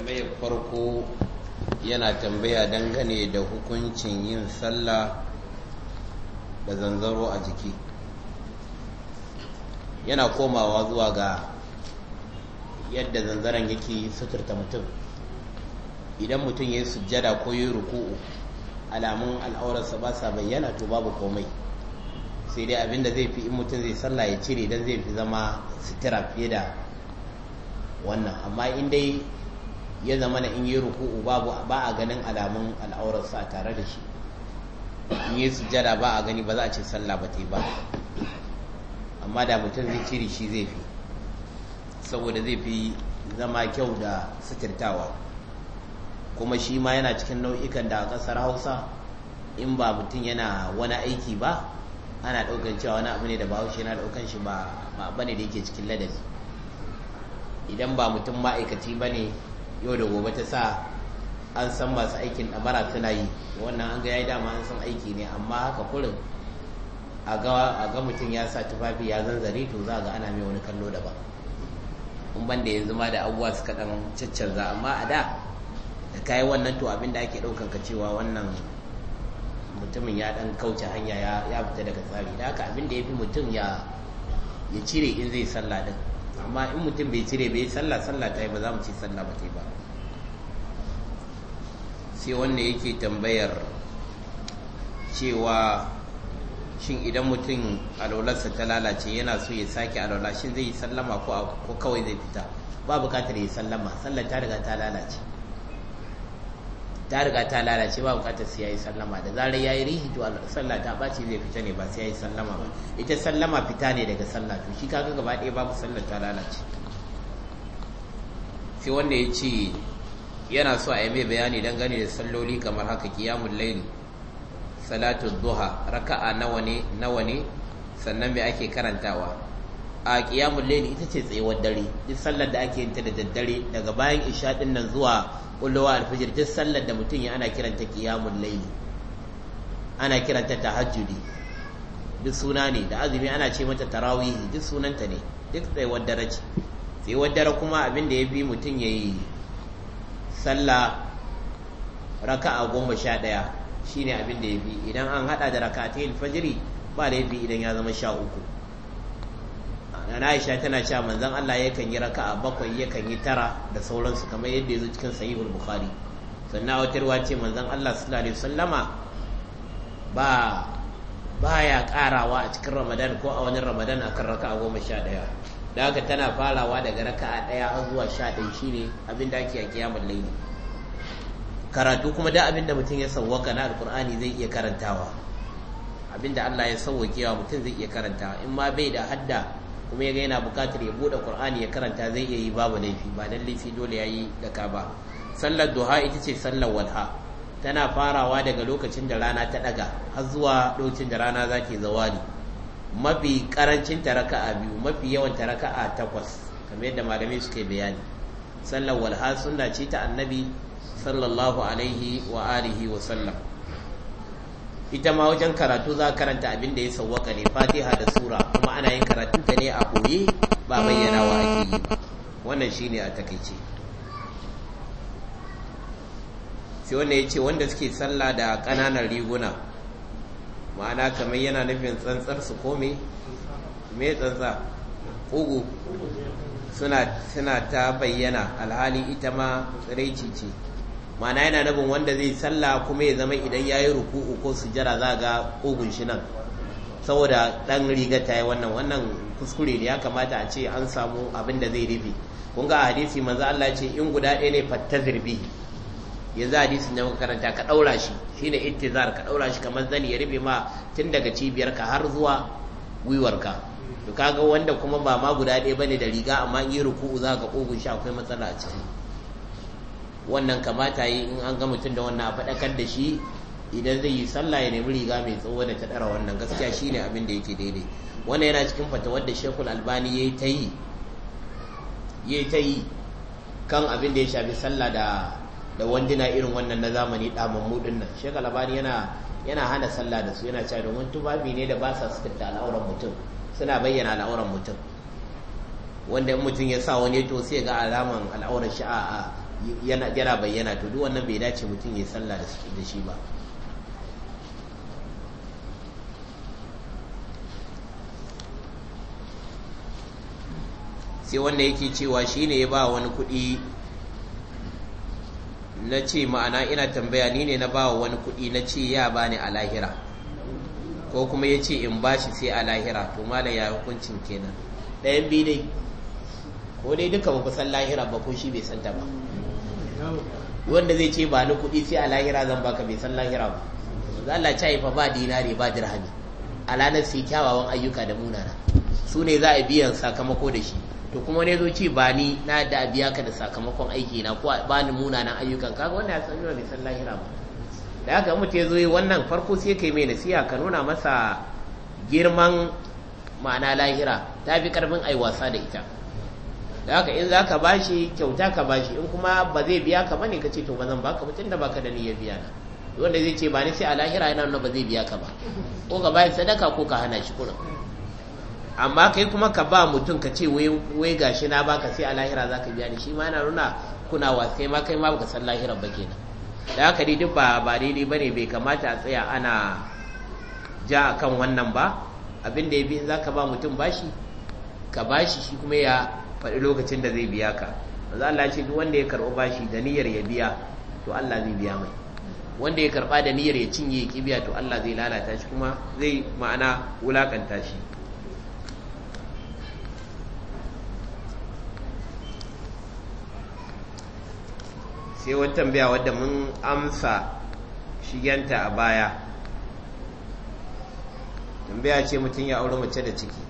tambayar farko yana tambaya dangane da hukuncin yin sallah da zanzaro a jiki yana komawa zuwa ga yadda zanzaron yake suturta mutum idan mutum ya yi sujjada ko yi ruku'u alamun al'aurarsa ba sa bayyana to babu komai sai dai abin da zai fi in mutum zai sallah ya cire don zai fi zama sutura fiye da wannan amma in dai ya zama na in yi ruku'u babu ba a ganin alamun al'aurarsa tare da shi in yi sujada ba a gani ba za a ce sallah ba ta ba amma da mutum zai ciri shi zai fi saboda zai fi zama kyau da sitirtawa kuma shi ma yana cikin nau'ikan da a ƙasar hausa in ba mutum yana wani aiki ba ana ɗaukan cewa wani abu ne da bahaushe yana ɗaukan shi ba abu ne da yake cikin ladabi idan ba mutum ma'aikaci ba ne yau da gobe ta sa an san masu aikin ɗamara suna yi wannan an ga ya dama an san aiki ne amma haka kurin a ga mutum ya sa tufafi ya zanzare to za ga ana mai wani kallo daban in ban da yanzu ma da abubuwa suka ɗan caccanza amma a da da kayi wannan to abin da ake ɗaukan ka cewa wannan mutumin ya ɗan kauce hanya ya fita daga tsari da haka abin da ya fi mutum ya cire in zai sallah din amma in mutum bai cire bai sallah sallah ta yi ba za mu ci sallah ba ta yi ba sai wanda yake tambayar cewa shin idan mutum alwalarsa ta lalace yana so ya sake alwala shin zai yi sallama ko kawai zai fita ba bukatar ya sallama sallar ta riga ta lalace ta riga ta lalace ba bukatar sai yayi sallama da zarar yayi rihi to sallah ta bace zai fita ne ba sai yayi sallama ba ita sallama fita ne daga sallah to shi kaga gaba ɗaya babu sallar ta lalace sai wanda ya ce yana so a yi mai bayani dangane da salloli kamar haka kiyamun laili salatu duha raka'a nawa ne nawa ne sannan me ake karantawa a kiyamun laili ita ce tsayuwar dare duk sallar da ake yin ta da daddare daga bayan isha nan zuwa kullowa alfijir duk sallar da mutum ya ana kiranta kiyamun layli ana kiranta tahajjudi duk suna ne da azumi ana ce mata tarawihi duk sunanta ne duk tsayuwar waddara ce tsayuwar dare kuma abin da ya bi mutum ya yi sallah raka'a goma sha ɗaya shine abin da ya bi idan an haɗa da raka'atai fajiri ba da ya bi idan ya zama sha uku na Aisha tana cewa manzon Allah yakan yi raka'a bakwai yakan yi tara da sauransu kamar yadda yazo cikin sahihul bukhari sannan a ruwa ce manzon Allah sallallahu alaihi wasallama ba baya karawa a cikin Ramadan ko a wani Ramadan akan raka'a goma sha ɗaya da haka tana farawa daga raka'a ɗaya har zuwa sha ɗaya shine abin da ake a kiyamul layli karatu kuma da abin da mutum ya sawwaka na alkur'ani zai iya karantawa abin da Allah ya sawwake wa mutum zai iya karantawa in ma bai da hadda kuma yaga yana bukatar ya buɗe Qur'ani ya karanta zai iya yi babu laifi ba dan laifi dole yayi yi daka ba sallar duha ita ce sallar walha tana farawa daga lokacin da rana ta daga har zuwa lokacin da rana za zawali mafi karancin ta raka'a biyu mafi yawan taraka a takwas kamar yadda malamai suke bayani sallar walha sunna ce ta annabi sallallahu alaihi wa alihi wa sallam ita ma wajen karatu za karanta abin da ya sauwaka ne fatiha da sura kuma ana yin ta ne a koyi ba bayyana wa ake yi ba wannan shine a takaice sai wanda ya ce wanda suke sallah da ƙananan riguna ma'ana kamar yana nufin tsantsar su kome me tsantsa ugu suna ta bayyana alhali ita ma tsiraici ce ma'ana yana nabin wanda zai sallah kuma ya zama idan ya yi ruku'u ko sujjara za ga ƙugun shi nan saboda ɗan riga ta yi wannan wannan kuskure ne ya kamata a ce an samu abin da zai rufe kun ga hadisi manzo Allah ce in guda ɗaya ne fattazir ya yanzu hadisin da muka karanta ka ɗaura shi shine ittizar ka ɗaura shi kamar zani ya rufe ma tun daga cibiyarka har zuwa gwiwarka to kaga wanda kuma ba ma guda ɗaya bane da riga amma in yi ruku'u za ka ƙugun shi akwai matsala a ciki wannan kamata yi in an ga mutum da wannan a faɗakar da shi idan zai yi sallah ya nemi riga mai tsawo da ta ɗara wannan gaskiya shi ne abin da yake daidai wannan yana cikin fata da shekul albani ya yi ta yi ya ta yi kan abin da ya shafi sallah da da wanduna irin wannan na zamani ɗaman din nan shekul albani yana hana sallah da su yana cewa domin tubabi ne da ba sa su fita al'auran mutum suna bayyana al'auran mutum wanda in mutum ya sa wani to sai ga alaman al'auran shi a yana bayyana to duk wannan bai dace mutum ya sallah da shi ba sai wanda yake cewa shi ne ya ba wani kuɗi na ce ma'ana ina tambaya ni ne na ba wani kuɗi na ce ya ba ni a lahira ko kuma ya ce in ba shi sai a lahira to malam ya hukuncin kenan ɗayan biyu dai ko dai duka ba ku lahira ba ko shi bai santa ba wanda zai ce ba ni kuɗi sai a lahira zan baka bai san lahira ba za Allah ya fa ba dinari ba dirhami a ranar sai kyawawan ayyuka da munana su ne za a biyan sakamako da shi to kuma ne zo ce ba ni na da biya ka da sakamakon aiki na ko ba ni munanan ayyukan kaga wanda ya san bai san lahira ba da haka mutu ya zo yi wannan farko sai kai mai nasiya ka nuna masa girman ma'ana lahira ta fi karfin ai wasa da ita da haka in zaka bashi kyauta ka bashi in kuma ba zai biya ka bane ka ce to ba zan baka ba tunda baka da niyyar biya na wanda zai ce ba ni sai a lahira yana nuna ba zai biya ka ba ko ka bayan sadaka ko ka hana shi kuna amma kai kuma ka ba mutum ka ce wai gashi na ba ka sai a lahira za ka biya ni shi ma yana nuna kuna wasai ma kai ma ka san lahirar ba kenan da haka dai duk ba ba daidai bane bai kamata a tsaya ana ja akan wannan ba abin da ya bi in za ka ba mutum bashi ka bashi shi kuma ya faɗi lokacin da zai biya ka manzo Allah ce duk wanda ya karɓi bashi da niyyar ya biya to Allah zai biya mai wanda ya karɓa da niyyar ya cinye ya biya to Allah zai lalata shi kuma zai ma'ana wulakanta shi sai wata tambaya wadda mun amsa shigenta a baya tambaya ce mutum ya aure mace da ciki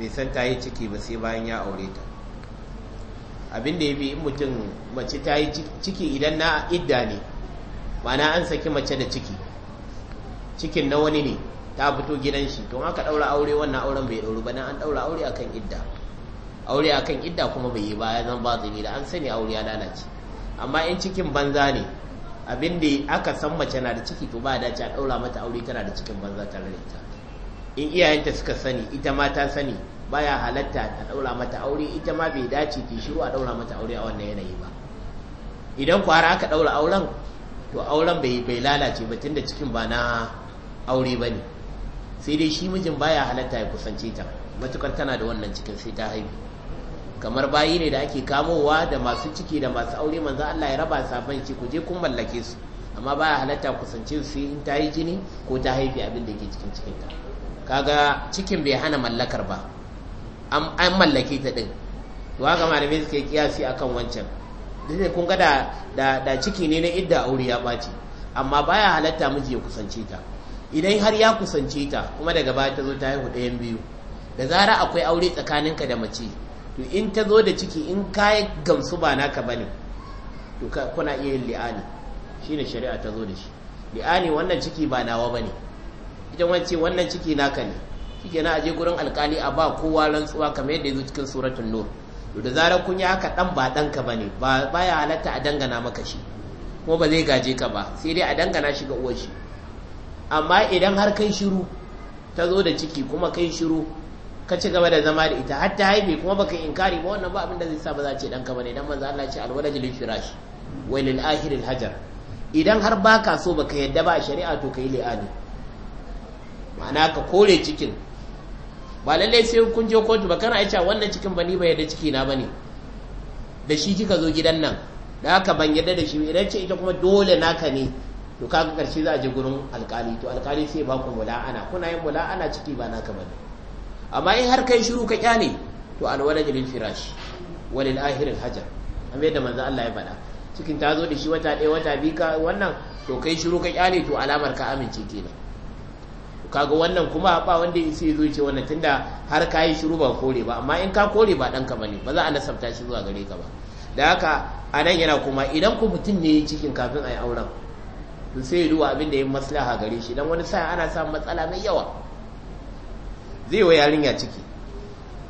bai san ta yi ciki ba sai bayan ya aure ta abin da ya bi in mutum mace ta yi ciki idan na idda ne mana an saki mace da ciki cikin na wani ne ta fito gidan shi to aka daura aure wannan auren bai dauru ba dan an daura aure akan idda aure akan idda kuma bai yi ba ya zan ba zai da an sani aure ya lalace amma in cikin banza ne abin da aka san mace na da ciki to ba da ci a daura mata aure tana da cikin banza tare da ita in iyayenta suka sani ita ma ta sani baya halatta ta daura mata aure ita ma bai dace ta shiru a daura mata aure a wannan yanayi ba idan kwara aka daura auren to auren bai bai lalace ba tunda cikin ba na aure ba ne sai dai shi mijin baya halatta ya kusance ta matukar tana da wannan cikin sai ta haihu kamar bayi ne da ake kamowa da masu ciki da masu aure manzo Allah ya raba sabon ci ku je kun mallake su amma baya halatta kusance su in ta yi jini ko ta haifi abin da ke cikin cikinta kaga cikin bai hana mallakar ba an mallake ta din to haka malamai suke kiyasi akan wancan dole kun ga da da ciki ne na idda aure ya baci amma baya halatta miji ya kusance ta idan har ya kusance ta kuma daga baya ta zo ta haihu ɗayan biyu da zara akwai aure tsakaninka da mace to in ta zo da ciki in kayan gamsu ba naka bane to kuna iya yin li'ani shine shari'a ta zo da shi li'ani wannan ciki ba nawa bane ita wani ce wannan ciki naka ne shike na aje gurin alkali a ba kowa rantsuwa kamar yadda yazo cikin suratun nur to da zarar kun yi haka dan ba dan ka bane ba baya halatta a dangana maka shi kuma ba zai gaje ka ba sai dai a dangana shi ga uwar shi amma idan har kai shiru ta zo da ciki kuma kai shiru ka ci gaba da zama da ita har ta haife kuma baka inkari ba wannan ba abin da zai sa ba za ce dan ka bane dan manzo Allah ya ce alwalad lil firash wa lil hajar idan har baka so baka yadda ba shari'a to kai li'ani ma'ana ka kore cikin ba lallai sai kun je kotu ba kana aicha wannan cikin ba ni ba yadda ciki na bane da shi kika zo gidan nan da haka ban yadda da shi idan ce ita kuma dole naka ne to kaga karshe za a je gurin alkali to alkali sai ba ku mula'ana kuna yin mula'ana ciki ba naka bane amma in har kai shiru ka kyale to alwala lil firash walil ahirin hajar amma yadda manzo Allah ya faɗa cikin ta zo da shi wata ɗaya wata biyu ka wannan to kai shiru ka kyale to alamar ka amince kenan kaga wannan kuma ba wanda ya ce zo ce wannan tunda har ka yi shiru ba kore ba amma in ka kore ba ɗanka ba ne ba za a nasabta shi zuwa gare ka ba da haka a nan yana kuma idan ku mutum ne ya cikin kafin a yi auren to sai ya abin da ya maslaha gare shi dan wani sa'a ana samun matsala mai yawa zai wa yarinya ciki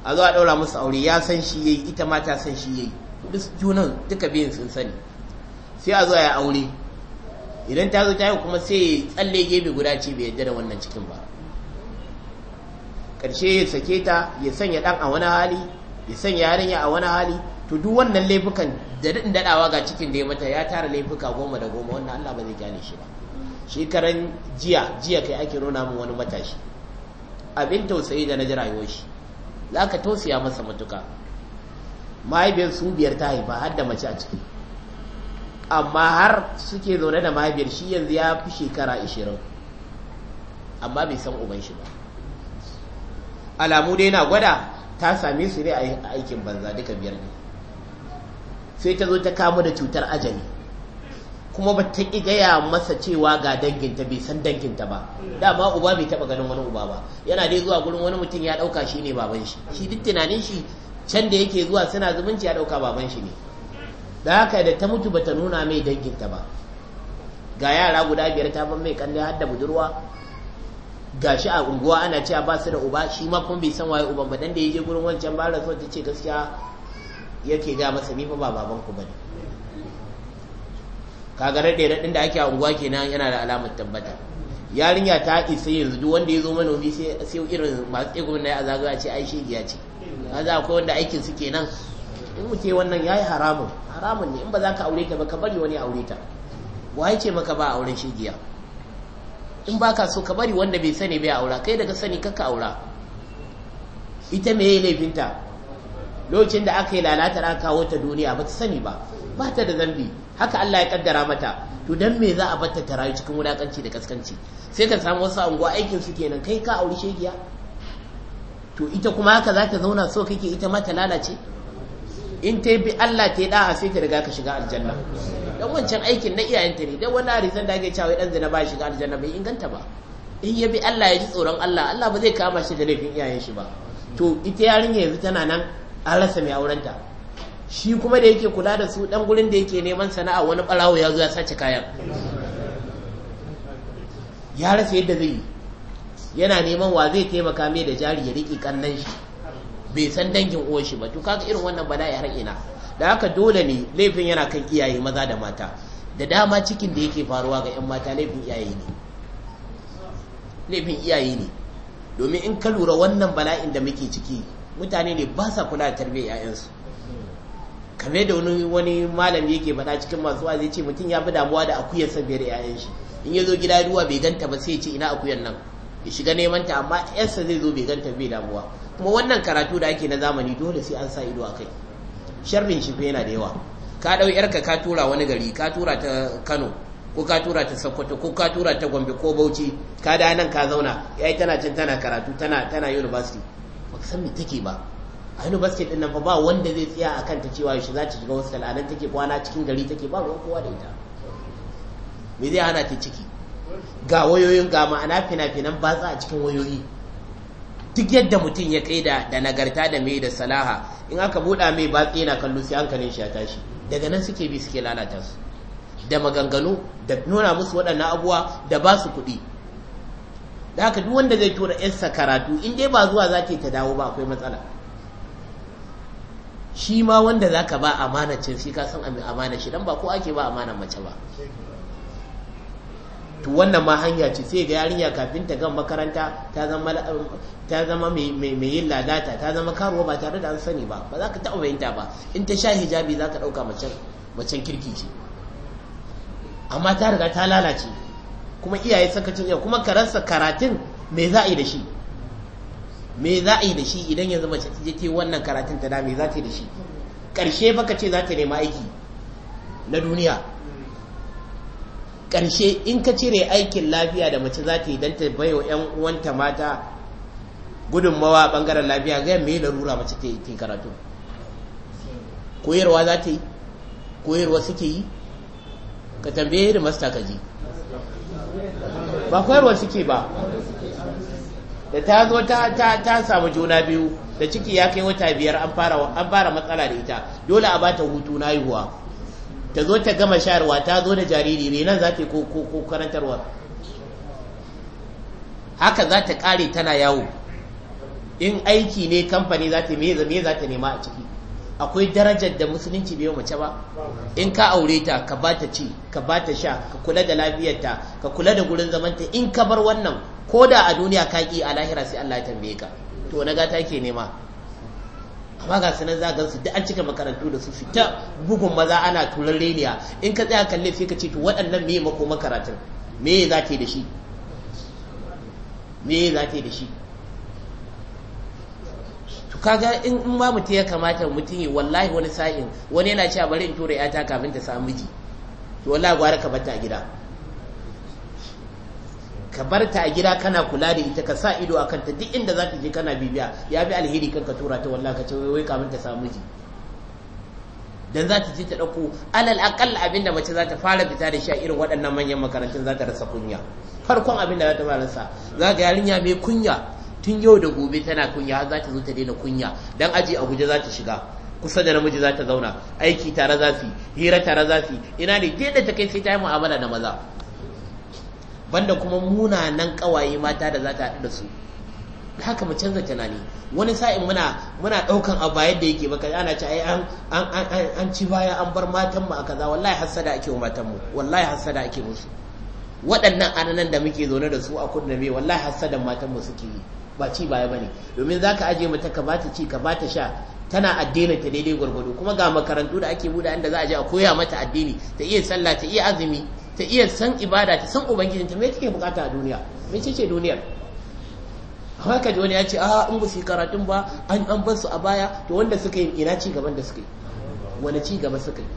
a zo a ɗaura musu aure ya san shi yayi ita ma ta san shi yayi duk junan duka biyun sun sani sai a zo ya aure idan ta zo ta yi kuma sai tsalle gefe guda ce bai yadda da wannan cikin ba ƙarshe ya sake ta ya sanya ɗan a wani hali ya sanya yarinya a wani hali to duk wannan laifukan da daɗin daɗawa ga cikin da ya mata ya tara laifuka goma da goma wannan Allah ba zai gane shi ba shekaran jiya jiya kai ake nuna min wani matashi abin tausayi da na ji rayuwar shi za ka tausaya masa matuka mahaifiyar su biyar ta haifa har da mace a ciki amma har suke zaune da mahaifiyar shi yanzu ya fi shekara ashirin amma bai san uban shi ba alamu dai na gwada ta same su ne a aikin banza duka biyar ne sai ta zo ta kamu da cutar ajali kuma ba ta gaya masa cewa ga danginta bai san danginta ba dama uba bai taba ganin wani uba ba yana dai zuwa gurin wani mutum ya ɗauka shi ne baban shi shi duk tunanin shi can da yake zuwa suna zumunci ya ɗauka baban shi ne da haka da ta mutu bata nuna mai danginta ba ga yara guda biyar ta ban mai kalli har da budurwa ga shi a unguwa ana cewa ba su da uba shi ma kuma bai san waye uban ba dan da je gurin wancan ba rasuwa ta ce gaskiya yake ga masa ni fa ba baban ku bane kaga rade radin da ake a unguwa kenan yana da alamar tabbata yarinya ta isa yanzu duk wanda ya zo manomi sai irin masu tsegumin na ya zagaya ce ai shegiya ce kaza akwai wanda aikin su kenan in muke wannan yayi haramun haramun ne in ba za ka aure ta ba ka bari wani aure ta ya ce maka ba auren shigiya in ba so ka bari wanda bai sani bai aura kai daga sani kaka aura ita me yayi laifinta lokacin da aka yi lalata aka kawo ta duniya ba ta sani ba ba ta da zambi haka Allah ya kaddara mata to don me za a batta ta rayu cikin wulakanci da kaskanci sai ka samu wasu anguwa aikin su kenan kai ka aure shegiya to ita kuma haka za ta zauna so kake ita ma ta lalace in ta bi Allah ta yi da'a sai ta riga ka shiga aljanna dan wancan aikin na iyayenta ne dan wani harisan da ake cewa dan zina ba shiga aljanna bai inganta ba in ya bi Allah ya ji tsoron Allah Allah ba zai kama shi da laifin iyayen shi ba to ita yarinya yanzu tana nan an rasa mai ta shi kuma da yake kula da su dan gurin da yake neman sana'a wani barawo ya zo ya sace kayan ya rasa yadda zai yi yana neman wa zai taimaka mai da jari ya riƙe kannan shi bai san dangin uwan shi ba to kaga irin wannan bala'i har ina da haka dole ne laifin yana kan iyaye maza da mata da dama cikin da yake faruwa ga 'yan mata laifin iyaye ne laifin iyaye ne domin in ka lura wannan bala'in da muke ciki mutane ne ba sa kula da tarbiyyar 'ya'yansu kame da wani wani malami yake faɗa cikin masu wazi ce mutum ya fi damuwa da akuyar sa biyar 'ya'yan shi in ya zo gida ruwa bai ganta ba sai ya ce ina akuyar nan ya shiga neman ta amma 'yarsa zai zo bai ganta bai damuwa kuma wannan karatu da ake na zamani dole sai an sa ido a kai sharrin shi yana da yawa ka ɗau yarka ka tura wani gari ka tura ta kano ko ka tura ta sokoto ko ka tura ta gombe ko bauchi ka da nan ka zauna yayi tana cin tana karatu tana tana university baka san me take ba a university din nan fa ba wanda zai tsaya akan ta cewa yaushe za ta shiga wasu a nan take kwana cikin gari take ba ruwan kowa da ita me zai hana ta ciki ga wayoyin ga ma'ana fina-finan batsa a cikin wayoyi duk yadda mutum ya kai da nagarta da mai da salaha in aka buɗa mai baƙi na kallo sai hankalin shi ya tashi daga nan suke bi suke lalata su da maganganu da nuna musu waɗannan abuwa da ba su kuɗi da haka duk wanda zai tura yarsa karatu in dai ba zuwa za ta dawo ba akwai matsala shi ma wanda za ka ba amanacin shi ka san amana shi dan ba ko ake ba amanan mace ba to wannan ma hanya ce sai ga yarinya kafin ta gan makaranta ta zama ta mai yin ladata ta zama karuwa ba tare da an sani ba ba za ka taɓa bayanta ba in ta sha hijabi za ka ɗauka macen kirki ce amma ta riga ta lalace kuma iyaye sakacin yau kuma karansa karatun me za a yi da shi me za a yi da shi idan yanzu mace ta je wannan karatun ta da me za ta yi da shi ƙarshe fa ka ce za ta nema aiki na duniya ƙarshe in ka cire aikin lafiya da mace za ta yi don ta bai wa 'yan uwanta mata gudunmawa ɓangaren lafiya ga yi larura mace ta yi karatu koyarwa za ta yi koyarwa suke yi ka tambaye da masta ka ji ba koyarwa suke ba da ta zo ta samu juna biyu da ciki ya kai wata biyar an fara matsala da ita dole a bata hutu na haihuwa ta zo ta gama shayarwa ta zo da jariri renan za ta yi ko karantarwa haka za ta kare tana yawo in aiki ne kamfani za ta me za ta nema a ciki akwai darajar da musulunci bai mace ba in ka aure ta ka ba ta ci ka ba ta sha ka kula da lafiyarta ka kula da gurin zamanta in ka bar wannan ko da a duniya ka ki a lahira sai Allah ya tambaye ka to na ga ta ke nema amma ga sanar za gansu duk an cika makarantu da su fita bugun maza ana turar reniya in ka tsaya kalle sai ka ce to waɗannan me mako makaratun me za ta yi da shi me za ta yi da shi to kaga in ma mutum ya kamata mutum yi wallahi wani sa'in wani yana cewa bari in tura yata kafin ta samu miji to wallahi gwara ka bata gida ka bar ta a gida kana kula da ita ka sa ido a kanta duk inda za ta je kana bibiya ya bi alheri kan ka tura ta wallahi ka ce wai kamun ta samu ji dan za ta je ta dauko alal aqall abinda mace za ta fara fita da shi a irin waɗannan manyan makarantun za ta rasa kunya farkon abinda za ta fara rasa za ga yarinya mai kunya tun yau da gobe tana kunya har za ta zo ta daina kunya dan aji a guje za ta shiga kusa da namiji za ta zauna aiki tare za su hira tare za su ina ne da ta kai sai ta yi mu'amala da maza banda kuma munanan kawaye mata da za ta haɗu da su haka mu canza tunani wani sa'in muna muna ɗaukan abu ba yadda yake baka ana ce ai an an ci baya an bar matan mu a kaza wallahi hasada ake wa matan mu wallahi hasada ake musu waɗannan ananan da muke zaune da su a kudu nabi wallahi hasada matan mu suke yi ba ci baya bane domin zaka aje mata ka bata ci ka bata sha tana addinin ta daidai gwargwado kuma ga makarantu da ake buɗe inda za a je a koya mata addini ta iya sallah ta iya azumi ta iya san ibada ta san ta mai take bukata a duniya me ce ce duniyar amma ka ji wani ya ce a ah, in ba su karatun ba an an bar su a baya to wanda suka yi ina ci gaban da suka yi wani ci gaba suka yi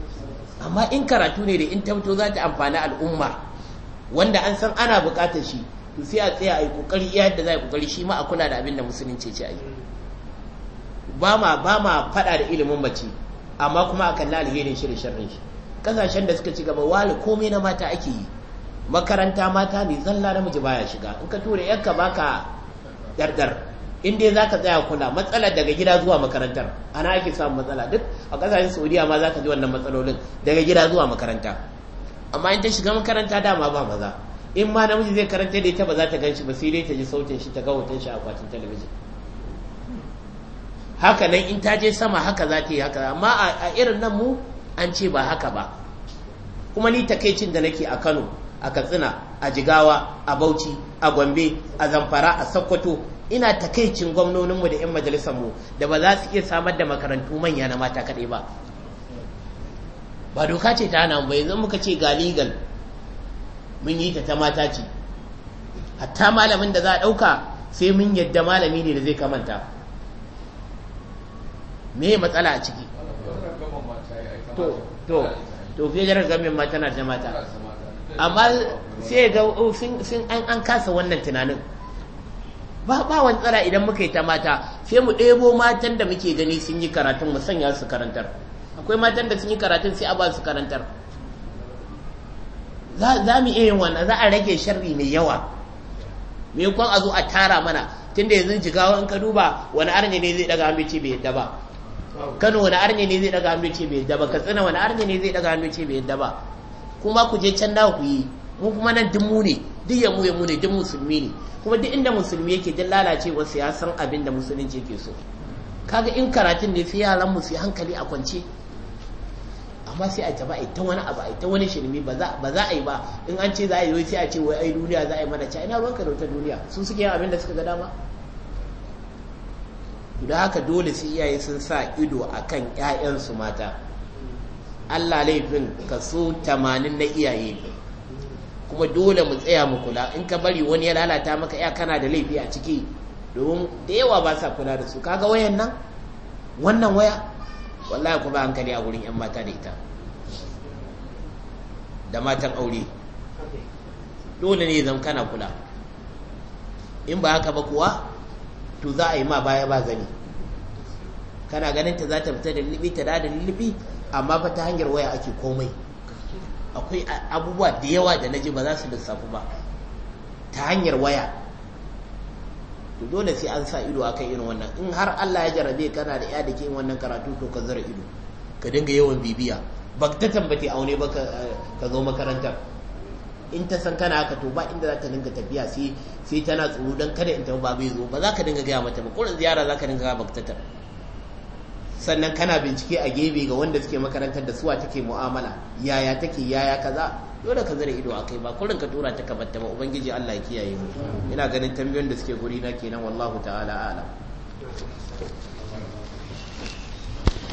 amma in karatu ne da in tabbato za ta amfani al'umma wanda an san ana bukatar shi to sai a tsaya a yi kokari iya yadda za a yi kokari shi ma a kula da abin da musulunci ce a yi ba ma ba ma faɗa da ilimin mace amma kuma a kalli alherin shi da sharrin shi kasashen da suka ci gaba wali komai na mata ake yi makaranta mata ne zalla namiji baya shiga in ka tura yanka baka dardar in dai zaka tsaya kula matsala daga gida zuwa makarantar ana ake samun matsala duk a kasashen saudiya ma zaka ji wannan matsalolin daga gida zuwa makaranta amma in ta shiga makaranta dama ba maza in ma namiji zai karanta da ita ba za ta gan shi ba sai dai ta ji sautin shi ta ga hoton shi a kwatin talabijin haka nan in ta je sama haka za ta yi haka amma a irin nan mu an ce ba haka ba kuma ni takaicin da nake a Kano a Katsina a Jigawa a Bauchi a Gombe a Zamfara a Sokoto ina takaicin gwamnoninmu da 'yan majalisarmu da ba za su iya samar da makarantu manya na mata kaɗai ba ba doka ce ta hana ba yanzu muka ce ga legal mun yi ta ta mata ce hatta malamin da za a ɗauka sai mun yadda malami ne da zai kamanta me matsala a ciki to to to zama gamin ma tana da mata amma sai ga oh, sun an kasa wannan tunanin ba ba wani tsara idan muka yi ta mata sai mu ɗebo matan da muke gani sun yi karatun mu sanya su karantar akwai matan da sun yi karatun sai a ba su karantar za mu iya yin wannan za a rage sharri mai yawa me kwan a zo a tara mana tunda yanzu jigawa in ka duba wani arne ne zai daga amince bai yadda ba kano wani arne ne zai daga hannu ce bai yadda ba katsina wani arne ne zai daga hannu ce bai yadda ba kuma ku je can da ku yi mu kuma nan duk mu ne duk yammu yammu ne duk musulmi ne kuma duk inda musulmi yake duk lalacewa su ya san abin da musulunci ke so kaga in karatun ne sai yaran mu sai hankali a kwance amma sai a taba ita wani abu a ita wani shirmi ba za a yi ba in an ce za a yi sai a ce wai ai duniya za a yi mana ca ina ka da wata duniya sun suke yin abin da suka ga dama to da haka dole sai iyaye sun sa ido a kan 'ya'yansu mata Allah laifin kaso 80 na iyaye kuma dole mu tsaya mu kula in ka bari wani ya lalata maka ya kana da laifi a ciki domin da yawa ba sa kula da su kaga wayan nan wannan waya wallahi ku ba hankali a wurin yan mata da ita da matan aure dole ne zan kana kula in ba haka ba kuwa to za a yi ma baya ba zani kana ganin ta za ta fita da lullubi ta da lullubi amma fa ta hanyar waya ake komai akwai abubuwa da yawa da naji ba za su lissafu ba ta hanyar waya to dole sai an sa ido akan irin wannan in har Allah ya jarabe kana da ya da ke wannan karatu to ka zara ido ka dinga yawan bibiya ba ta tambate aune ba ka zo makarantar in ta san kana haka to ba inda za ta dinga tafiya sai tana tsoro dan kada in tafi ba bai zo ba za ka dinga gaya mata ba kurin ziyara za ka dinga gaya ta sannan kana bincike a gebe ga wanda suke makarantar da suwa take mu'amala yaya take yaya kaza dole ka zara ido akai ba kurin ka tura ta ka ta ba ubangiji Allah ya kiyaye mu ina ganin tambayoyin da suke guri na kenan wallahu ta'ala a'lam